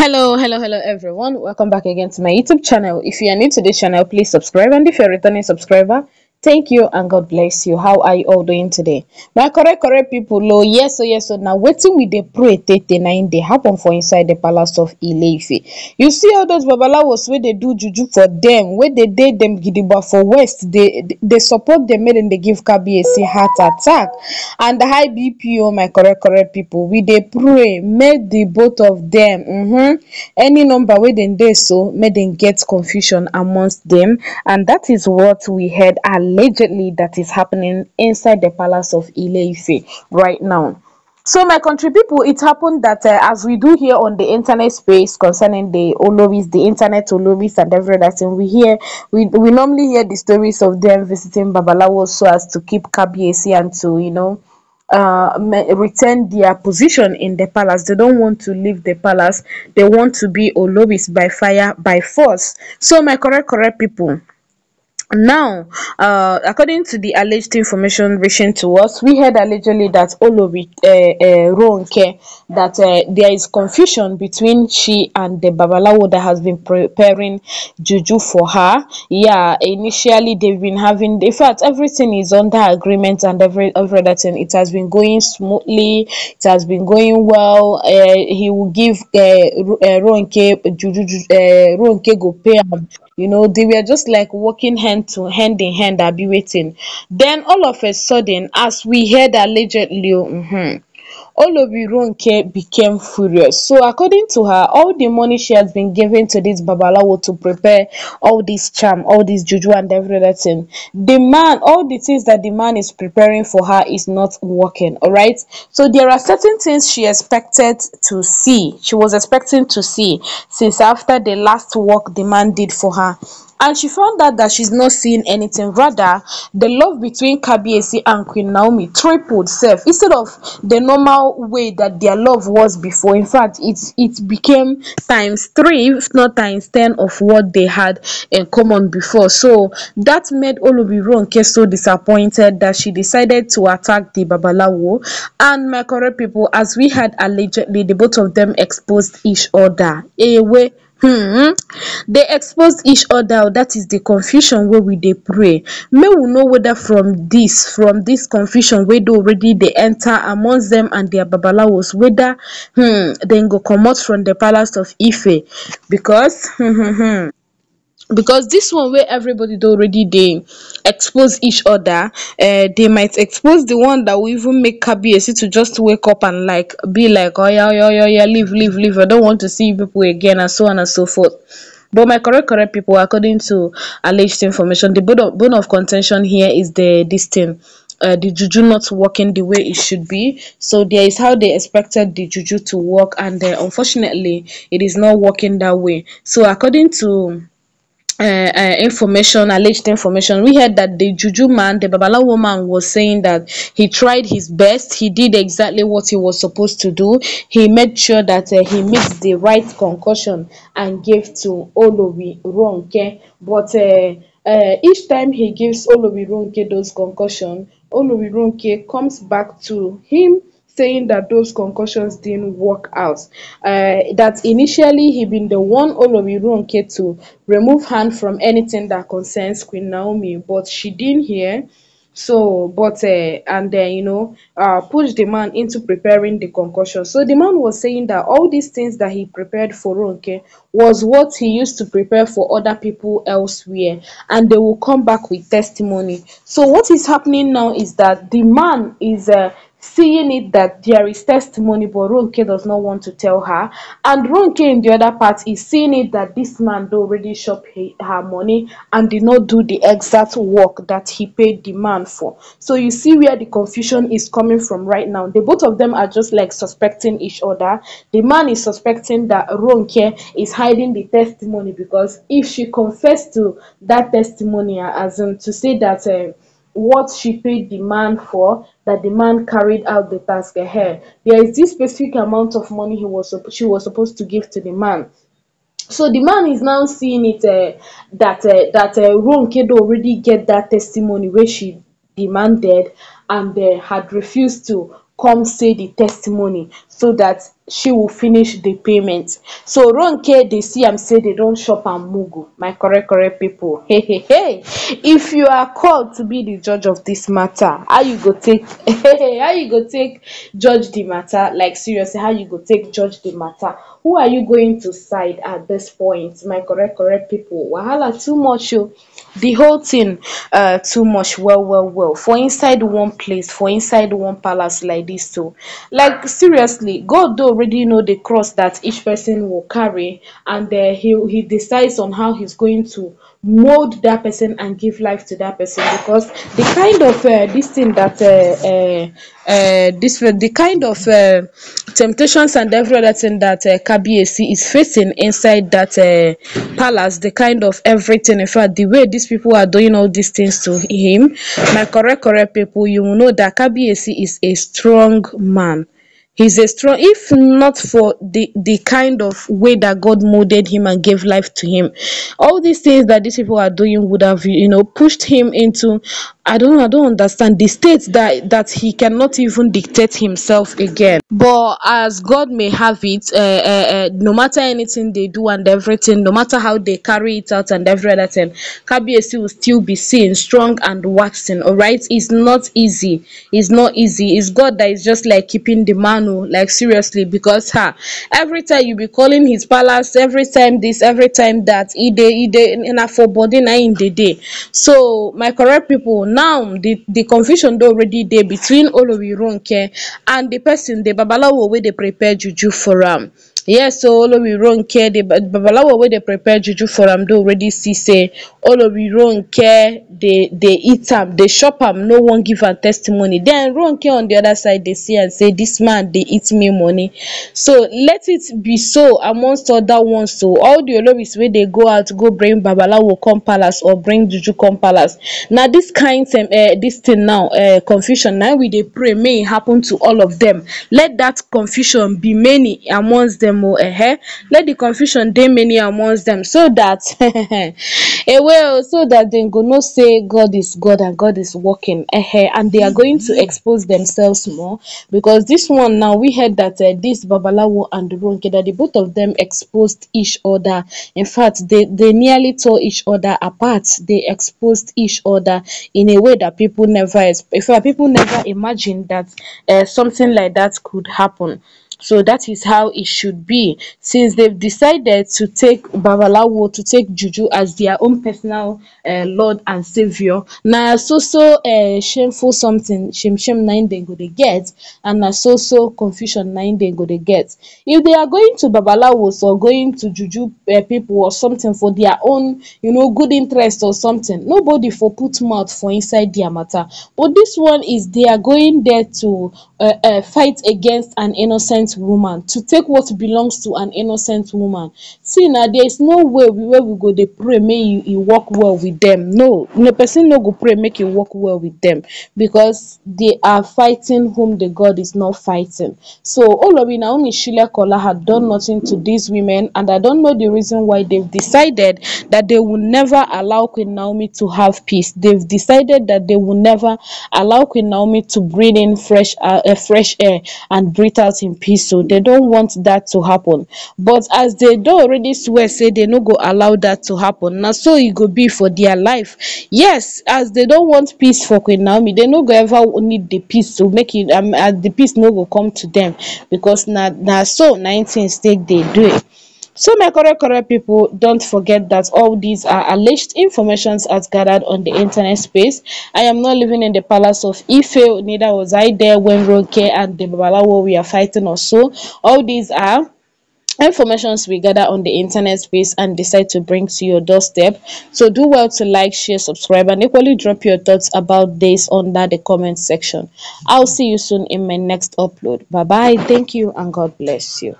hello hello hello everyone welcome back again to my youtube channel if you are new to this channel please subscribe and if you're a returning subscriber Thank you and God bless you. How are you all doing today? My correct, correct people, oh yes, oh yes, so oh, now waiting with the pray Thirty nine, they happen for inside the palace of Ileife. You see all those babalawos where they do juju for them, where they did them gidiba for West, they they support them men and they give KBAC heart attack and the high BPO, oh, my correct, correct people. We they pray, made the both of them, mm-hmm, any number where they so, made them get confusion amongst them, and that is what we had. Alert allegedly that is happening inside the palace of ile right now. So, my country people, it happened that uh, as we do here on the internet space concerning the Oloris, the internet Oloris, and every other thing, we hear we, we normally hear the stories of them visiting Babalawo so as to keep Kabiesi and to you know uh, retain their position in the palace. They don't want to leave the palace. They want to be Oloris by fire, by force. So, my correct, correct people. Now, uh, according to the alleged information reaching to us, we heard allegedly that all uh, uh, Ronke, that uh, there is confusion between she and the Babalawo that has been preparing juju for her. Yeah, initially they've been having, in fact, everything is under agreement and every, every other thing. It has been going smoothly. It has been going well. Uh, he will give uh, uh, Ronke, juju, uh, Ronke go pay you know, they were just like walking hand to hand in hand, I'll be waiting. Then all of a sudden, as we heard allegedly, mm -hmm, Olobirunke became furious. So according to her, all the money she has been given to this Babalawo to prepare all this charm, all this juju and everything, the man, all the things that the man is preparing for her is not working, alright? So there are certain things she expected to see, she was expecting to see since after the last work the man did for her and she found out that she's not seeing anything rather the love between kabiesi and queen naomi tripled self instead of the normal way that their love was before in fact it it became times three if not times ten of what they had in common before so that made ronke so disappointed that she decided to attack the babalawo and my correct people as we had allegedly the both of them exposed each other Anyway. Hmm. They expose each other. Oh, that is the confusion where we they pray May we know whether from this, from this confusion where they already they enter amongst them and their babalawos Whether hmm, then go out from the palace of ife because. Hmm, hmm, hmm because this one where everybody already they expose each other eh, they might expose the one that will even make kabiyesi to just wake up and like be like oh yeah, oh, yeah, oh, yeah, oh, yeah, leave leave leave i don't want to see people again and so on and so forth but my correct correct people according to alleged information the bone of bone of contention here is the this thing uh, the juju not working the way it should be. So there is how they expected the juju to work, and uh, unfortunately, it is not working that way. So according to uh, uh, information, alleged information. We heard that the juju man, the babala woman, was saying that he tried his best. He did exactly what he was supposed to do. He made sure that uh, he mixed the right concussion and gave to Olobi Ronke. But uh, uh, each time he gives Olobi Ronke those concussion, Olobi Ronke comes back to him saying that those concussions didn't work out. Uh, that initially he been the one Olori Ronke to remove hand from anything that concerns Queen Naomi, but she didn't hear. So, but uh, and then you know, uh, pushed the man into preparing the concussion. So the man was saying that all these things that he prepared for Ronke was what he used to prepare for other people elsewhere, and they will come back with testimony. So what is happening now is that the man is uh, seeing it that there is testimony, but Ronke does not want to tell her. And Ronke, in the other part, is seeing it that this man already shop her money and did not do the exact work that he paid the man for. So you see where the confusion is coming from right now. The both of them are just like suspecting each other. The man is suspecting that Ronke is hiding the testimony because if she confessed to that testimony, as in to say that. Uh, what she paid the man for that the man carried out the task ahead. There is this specific amount of money he was she was supposed to give to the man. So the man is now seeing it uh, that uh, that uh, eh, Ronkedo already get that testimony where she demanded and uh, had refused to come say the testimony so that she will finish the payment so care. They see i am say they don't shop and mugu my correct correct people hey hey hey if you are called to be the judge of this matter how you go take how you go take judge the matter like seriously how you go take judge the matter who are you going to side at this point my correct correct people wahala too much you. Oh the whole thing uh too much well well well for inside one place for inside one palace like this too. like seriously god already know the cross that each person will carry and uh, he he decides on how he's going to mold that person and give life to that person because the kind of uh, this thing that uh, uh, uh this the kind of uh, temptations and every other thing that uh, KBAC is facing inside that uh, palace, the kind of everything. In fact, the way these people are doing all these things to him, my correct correct people, you know that KBAC is a strong man he's a strong if not for the the kind of way that god molded him and gave life to him all these things that these people are doing would have you know pushed him into i don't i don't understand the state that that he cannot even dictate himself again but as god may have it uh, uh, uh, no matter anything they do and everything no matter how they carry it out and every other thing kbsc will still be seen strong and waxing all right it's not easy it's not easy it's god that is just like keeping the man like seriously because ha every time you be calling his palace every time this every time that e day e dey na for body na im day. so my correct people now the the confusion don already there between olori care and the person the babalawo where they prepare juju for am yes so care. the babalawo wey they prepare juju for them do already see say All of you They, they eat them. They shop them. no one give am testimony Then den care on the other side They see and say this man They eat me money so let it be so amongst other ones so all di lobbies where they go out go bring babalawo come palace or bring juju come palace this kind kain um, eh, this thing now eh, confusion now we dey pray may happen to all of them. let that confusion be many amongst them. Eh, eh? let the confusion dey many amongst them, so that eh well, so that they go know say god is god and god is working eh, eh? and they are going to mm-hmm. expose themselves more because this one now we heard that uh, babalawo and ronke that the both of them exposed each other in fact they they nearly tore each other apart they exposed each other in a way that people never in people never imagined that uh, something like that could happen so that is how it should be. Since they've decided to take Babalawo, to take Juju as their own personal uh, Lord and Savior, now so so uh, shameful something, shame shame nine they go they get, and now so so confusion nine they go they get. If they are going to Babalawos or going to Juju uh, people or something for their own, you know, good interest or something, nobody for put mouth for inside their matter. But this one is they are going there to uh, fight against an innocent innocent woman to take what belongs to an innocent woman see now, there is no way where we go They pray may you work well with them. no no person no go pray make you work well with them because they are fighting whom the god is not fighting so Olabi Naomi Shilekola had done nothing to these women and I don't know the reason why they've decided that they will never allow Queen Naomi to have peace they've decided that they will never allow Queen Naomi to breathe in fresh uh, fresh air and breathe out in peace so don't want that to happen. but as don't already swear say they no go allow that to happen. Now, so it go be for their life yes as they don't want peace for queen naomi no go ever need the peace to make Um, and uh, the peace no go come to because now, now so nineteen stake they do it. So my correct correct people, don't forget that all these are alleged informations as gathered on the internet space. I am not living in the palace of Ife, neither was I there when Roke and the Babalawo we are fighting or so. All these are informations we gather on the internet space and decide to bring to your doorstep so do well to like share subscribe and equally drop your thoughts about this under the comment section i'll see you soon in my next upload bye bye thank you and god bless you